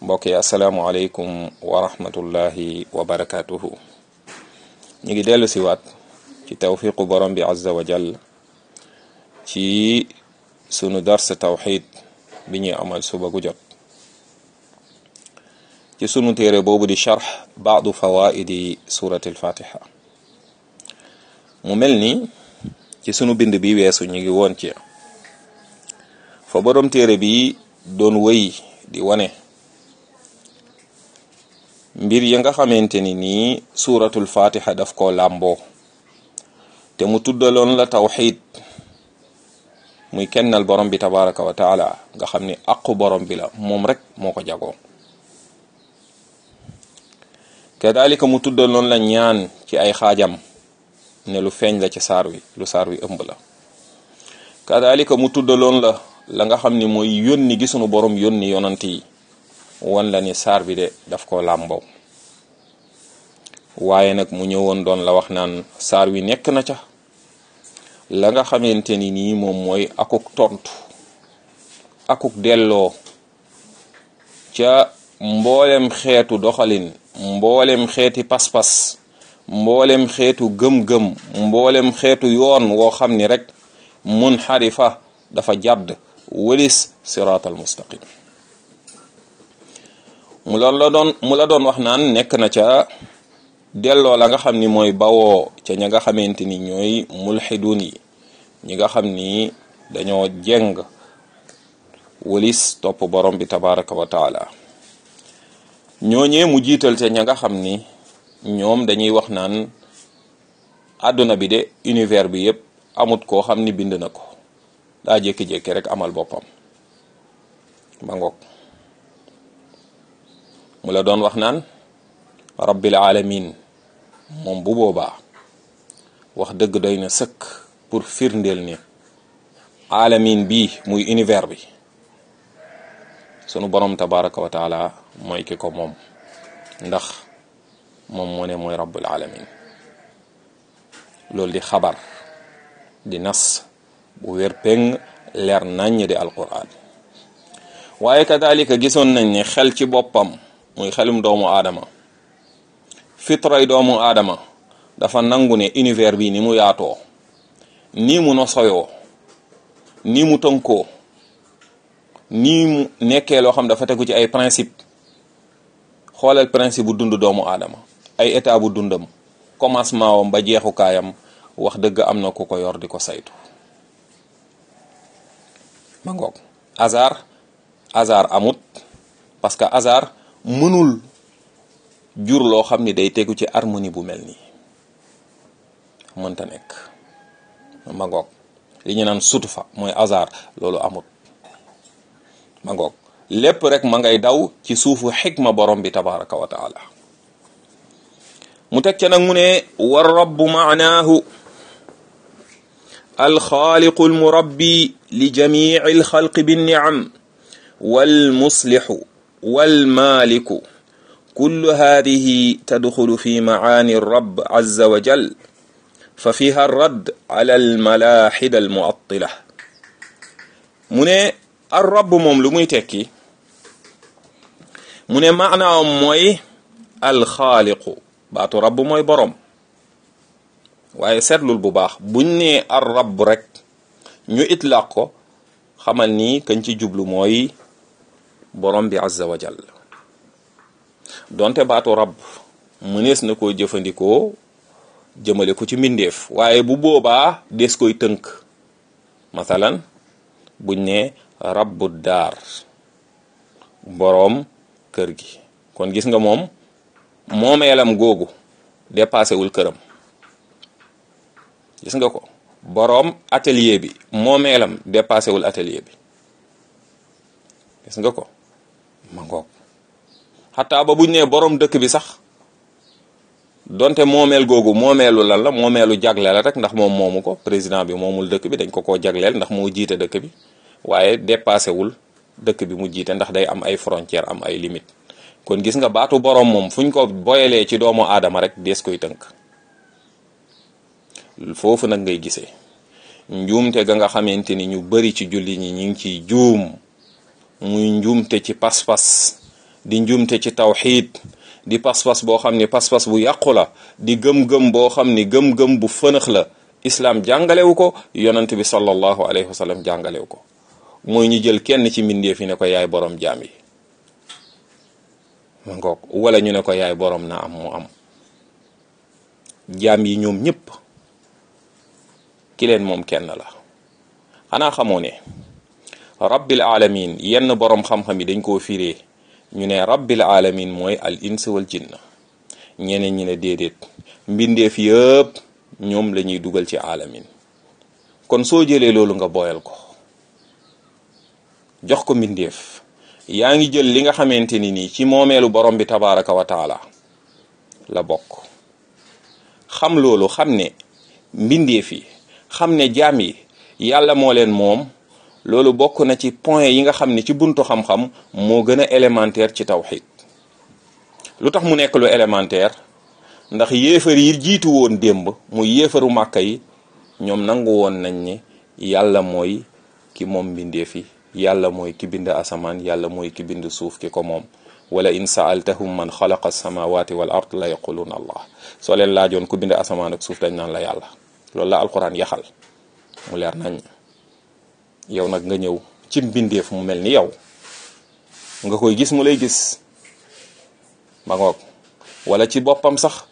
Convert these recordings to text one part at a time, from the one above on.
mbokk yi asalaamualeykum wa rahmatullahi wa barakaatuhu ngi dellu si waat ci tawfiqu borom bi azza wa ci sunu dars tawxid bi ñuy amal suba gu jot ci sunu téere boobu di charx baadu fawaidi surati alfatiha mu mel ni ci sunu bind bi weesu ñu ngi woon ci fa borom téere bi doon wëy di wane mbir ya nga xamante ni nii suuratul fatiha daf ko làmboo te mu tuddaloon la tawxid muy kennal borom bi tabaraka wa taala nga xam ni aqu borom bi la moom rek moo ko jagoo kadalika mu tuddaloon la ñaan ci ay xaajam ne lu feeñ la ci saar wi lu saar wi ëmb la kadalika mu tuddaloon la la nga xam ni mooy yónni gi sunu borom yónni yonant yi won la ni saar bi de daf ko làmboo waaye nag mu ñëwoon doon la wax naan saar wi nekk na ca la nga xamante ni nii moom mooy akuk tontu akuk delloo ca mboolem xeetu doxalin mboolem xeeti pas-pas mboolem xeetu gëm-gëm mboolem xeetu yoon woo xam ni rek mun xarifa dafa jàdd wëlis siraatal mustaqim mu loolu la doon mu la doon wax naan nekk na ca delloo la nga xam ni mooy bawoo ca ña nga xamante ni ñooy mulxiduun yi ñi nga xam ni dañoo jeng walis topp borom bi tabaraka wa taala ñooñee mu jiital ca ña nga xam ni ñoom dañuy wax naan àdduna bi de univers bi yépp amut koo xam ni bind na ko daa jékki-jékki rek amal boppam ma ngoog mu la doon wax naan rabbil alamin moom bu boobaa wax dëgg doy na sëkk pour firndeel ni alamin bii muy univers bi sunu borom tabaraka wa mooy ki ko moom ndax moom moo ne mooy rabbul alamin loolu di xabar di nas bu wér péng leer naññ di alquran waaye kadalika gisoon nañ ni xel ci boppam muy xelum doomu adama fitray doomu aadama dafa nangu ne univers bi ni mu yaatoo nii mu nosoyoo nii mu tënkoo nii mu nekkee loo xam dafa tegu ci ay principe xoolal principe bu dund doomu aadama ay état bu dundam commencement wam ba jeexukaayam wax dëgg am na ku ko yor di ko saytu ma ngoog amut parce que hasard mënul jur loo xam ni day tegu ci harmonie bu mel ni mënta nekk magoog li naan sutufa mooy hasard loolu amut magoog lépp rek ma ngay daw ci suufu xikma borom bi tabaraka wa taala mu teg ca nag mu ne wa rab maanaahu alxaaliqu almurabbi li jamici alxalqi binniam walmuslixu wal maaliku kullu haadihi tadxulu fi macaani rab azza wa jal fa fiha arradd ala almalaaxida almuattila mu ne ar rabb moom lu muy tekki mu ne maanaam mooy alxaaliqu baatu rabb mooy boroom waaye seetlul bu baax buñ nee ar rabb rek ñu itlaaq ko xamal ni kañ ci jublu mooy borom bi azza wa donte baatu rab mënees na koo jëfandikoo jëmale ko ci mbindeef waaye bu boobaa des koy tënk masalan buñ ne rabbu daar boroom kër gi kon gis nga moom moomeelam googu dépassé wul këram gis nga ko boroom atelier bi moomeelam dépassé wul atelier bi gis nga ko ma ngoog xataa ba ñu nee borom dëkk bi sax donte moomeel googu moomeelu lan la moomeelu jagle la rek ndax moom moomu ko président bi moomul dëkk bi dañ ko koo jagleel ndax moo jiite dëkk bi waaye dépassé wul dëkk bi mu jiite ndax day am ay frontière am ay limite kon gis nga baatu borom moom fuñ ko boyalee ci doomu aadama rek dees koy tënk foofu nag ngay gisee njuumte ga nga xamante ni ñu bari ci julli ñi ñu ngi ciy juum muy njuumte ci pas-pas di njuumte ci tawxiid di pas-pas boo xam ni pas-pas bu yàqu la di gëm-gëm boo xam ni gëm-gëm bu fënëx la islaam jàngalewu ko yonent bi sallallahu alayhi wa sallam jàngalewu ko mooy ñu jël kenn ci mbindeef yi ne ko yaay borom jaam yi ma ngoog wala ñu ne ko yaay boroom na am mu am jaam yi ñoom ñëpp kileen moom kenn la xanaa xamoo ne rabbil alamin yenn borom xam-xam yi dañ koo firee ñu ne rabbil alamin mooy al ins jinna ñeneen ñi ne déedéet mbindeef yëpp ñoom la ñuy dugal ci alamin kon soo jëlee loolu nga booyal ko jox ko mbindeef yaa ngi jël li nga xamante ni nii ci moomeelu borom bi tabaraka wa la bokk xam loolu xam ne mbindeef yi xam ne jaam yi yàlla moo leen moom loolu bokk na ci point yi nga xam ne ci buntu xam-xam moo gën a élémentaire ci tawxid lu tax mu nekk lu élémentaire ndax yéefar yi jiitu woon démb mu yéefaru màkka yi ñoom nangu woon nañ ni yàlla mooy ki moom mbindeef yi yàlla mooy ki bind asamaan yàlla mooy ki bind suuf ki ko moom wala in saaltahum man xalaqa samawati wal ard la yaquluun allah soo leen laajoon ku bind asamaan ak suuf dañ naan la yàlla lool la alquran yaxal mu leer nañ yow nag nga ñëw ci mbindeef mu mel ni yow nga koy gis mu lay gis ma ngoog wala ci boppam sax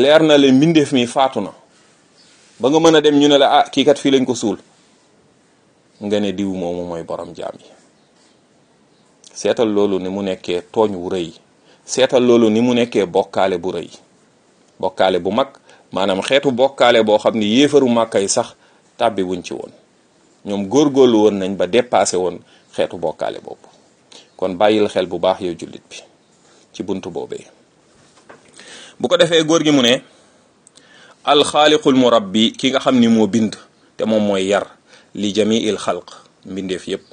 leer na leen mbindeef mii faatu na ba nga mën a dem ñu ne la ah kii kat fii lañ ko suul nga ne diw moomu mooy borom jaam yi seetal loolu ni mu nekkee tooñ wu rëy seetal loolu ni mu nekkee bokkaale bu rëy bokkaale bu mag maanaam xeetu bokkaale boo xam ni yéefaru yi sax tàbbi ci woon ñoom góorgóorlu woon nañ ba dépassé woon xeetu bokkaale boobu kon bàyyil xel bu baax yow jullit bi ci bunt boobee bu ko defee góor gi mu ne alxaaliqul murabbi ki nga xam ni moo bind te moom mooy yar li jamiil xalq mbindeef yépp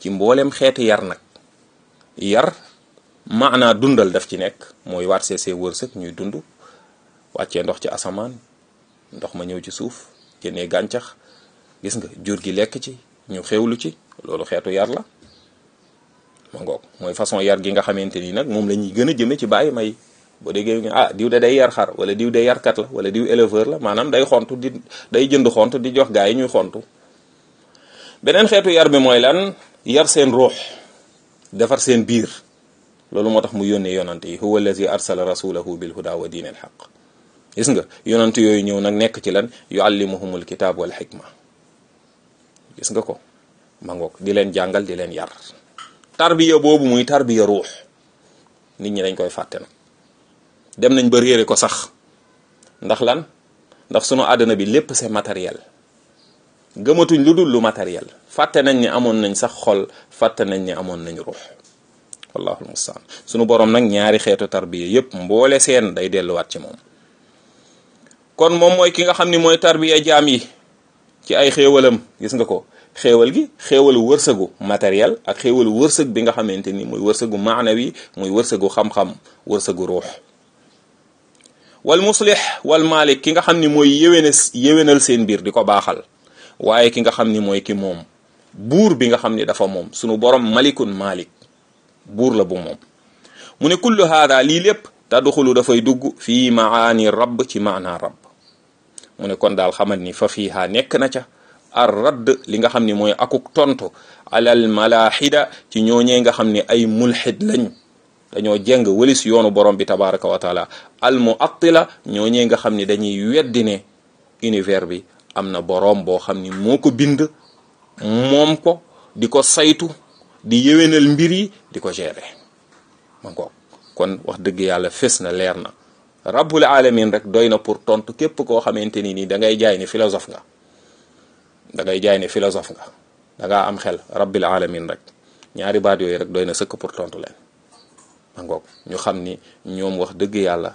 ci mbooleem xeeti yar nag yar maanaa dundal daf ci nekk mooy warsee see wërsëg ñuy dund wàccee ndox ci asamaan ndox ma ñëw ci suuf génnee gàncax gis nga jur gi lekk ci ñu xewlu ci loolu xeetu yar la ma ngoog mooy façon yar gi nga xamante nii nag moom la ñuy gën a jëme ci bàyyi may boo déggee ah diw de day wala diw de yarkat la wala diw éleveur la maanaam day xontu di day jënd xont di jox gaa yi ñuy xontu beneen xeetu yar bi mooy lan yar seen ruux defar seen biir loolu moo tax mu yónnee yonante yi huwa allazi arsala rasulahu bil huda wa diin al gis nga yonante yooyu ñëw nag nekk ci lan yuallimuhumul kitaab wal xikma gis nga ko mangook di leen jàngal di leen yar tarbiya boobu muy tarbiya ruux nit ñi dañ koy fàtte na dem nañ ba réere ko sax ndax lan ndax sunu àdduna bi lépp c'est matériel gëmatuñ lu dul lu matériel fàtte nañ ni amoon nañ sax xol fàtte nañ ni amoon nañ ruux wallaahu almustaan sunu borom nag ñaari xeetu tarbiya yépp mboole seen day delluwaat ci moom kon moom mooy ki nga xam ni mooy tarbiya jaam yi ci ay xéewalam gis nga ko xéewal gi xéewalu wërsëgu matériel ak xéewalu wërsëg bi nga xamante ni mooy wërsëgu maanawi muy wërsëgu xam-xam wërsëgu ruux wal wal malik ki nga xam ni mooy yéwéne yéwénal seen biir di ko baaxal waaye ki nga xam ni mooy ki moom buur bi nga xam ni dafa moom sunu borom malikun malik buur la bu moom mu ne kullu haada lii lépp tadxulu dafay dugg fii maani rabb ci maanaa rabb mu ne kon daal xamal ni fa fiiha nekk na ca radd li nga xam ni mooy akuk tontu alal malaaxida ci ñooñee nga xam ni ay mulxid lañu dañoo jéng wëlis yoonu boroom bi tabaraka wa taala al mu attila ñooñee nga xam ni dañuy weddi ne univers bi am na boroom boo xam ni moo ko bind moom ko di ko saytu di yéwénal mbir yi di ko gérer ma ngoog kon wax dëgg yàlla fés na leer na rabbul alamin rek doy na pour tontu képp koo xamante ni nii da ngay jaay ni philosophe nga da ngay jaay ne philosophe nga da ngaa am xel rabbil alamin rek ñaari baat yooyu rek doy na sëkk pour tontu leen ma ngoog ñu xam ni ñoom wax dëgg yàlla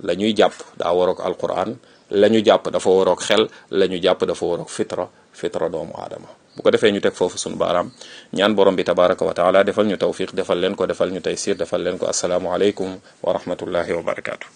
la ñuy jàpp daa waroog alquran la ñu jàpp dafa waroog xel la ñu jàpp dafa waroog fitra fitra doomu aadama boo ko defee ñu teg foofu sunu baaraam ñaan borom bi tabaraka wa taala defal ñu tawfiq defal leen ko defal ñu taysiir defal leen ko asalaamualeykum wa rahmatullahi wa barakaatu.